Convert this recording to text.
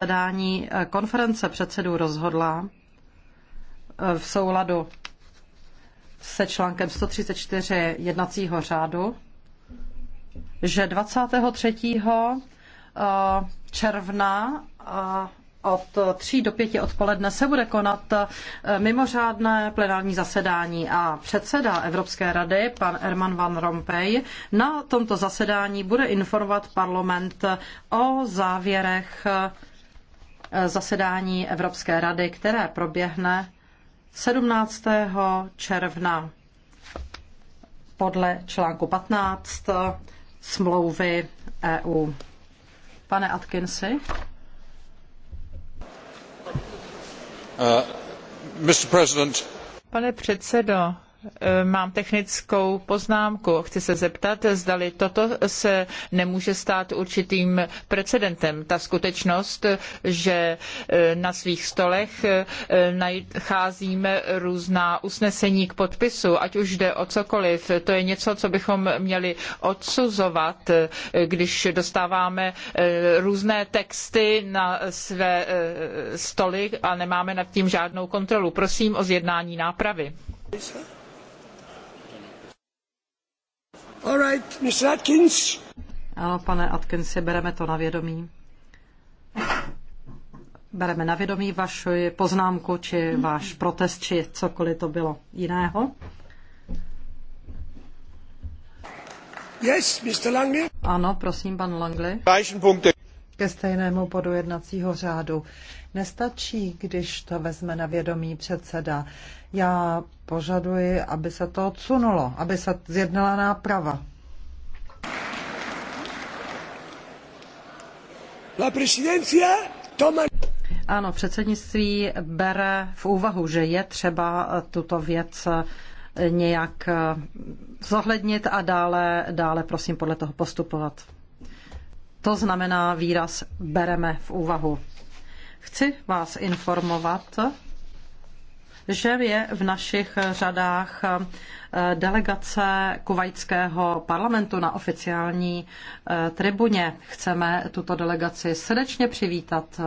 zasedání eh, konference předsedů rozhodla eh, v souladu se článkem 134 jednacího řádu, že 23. Eh, června od 3 do 5 odpoledne se bude konat mimořádné plenární zasedání a předseda Evropské rady, pan Herman Van Rompuy, na tomto zasedání bude informovat parlament o závěrech Eh, zasedání Evropské rady, které proběhne 17. června podle článku 15 smlouvy EU. Pane Atkinsy. Uh, eh, Pane předsedo, Eh, mám technickou poznámku. Chci se zeptat, zdali toto se nemůže stát určitým precedentem. Ta skutečnost, že eh, na svých stolech eh, nacházíme různá usnesení k podpisu, ať už jde o cokoliv, to je něco, co bychom měli odsuzovat, když dostáváme různé texty na své stoly a nemáme nad tím žádnou kontrolu. Prosím o zjednání nápravy. All right, Ms. Atkins. Ano, pane Atkinsi, bereme to na vědomí. Bereme na vědomí vaši poznámku, či váš protest, či cokoliv to bylo jiného. Yes, Mr. Langley. Ano, prosím, pan Langley ke stejnému bodu jednacího řádu. Nestačí, když to vezme na vědomí předseda. Já požaduji, aby se to odsunulo, aby se zjednala náprava. La presidencia toma... Ano, předsednictví bere v úvahu, že je třeba tuto věc eh, nějak eh, zohlednit a dále, dále prosím podle toho postupovat. To znamená výraz bereme v úvahu. Chci vás informovat, že je v našich řadách eh, delegace kuvajského parlamentu na oficiální eh, tribuně. Chceme tuto delegaci srdečně přivítat.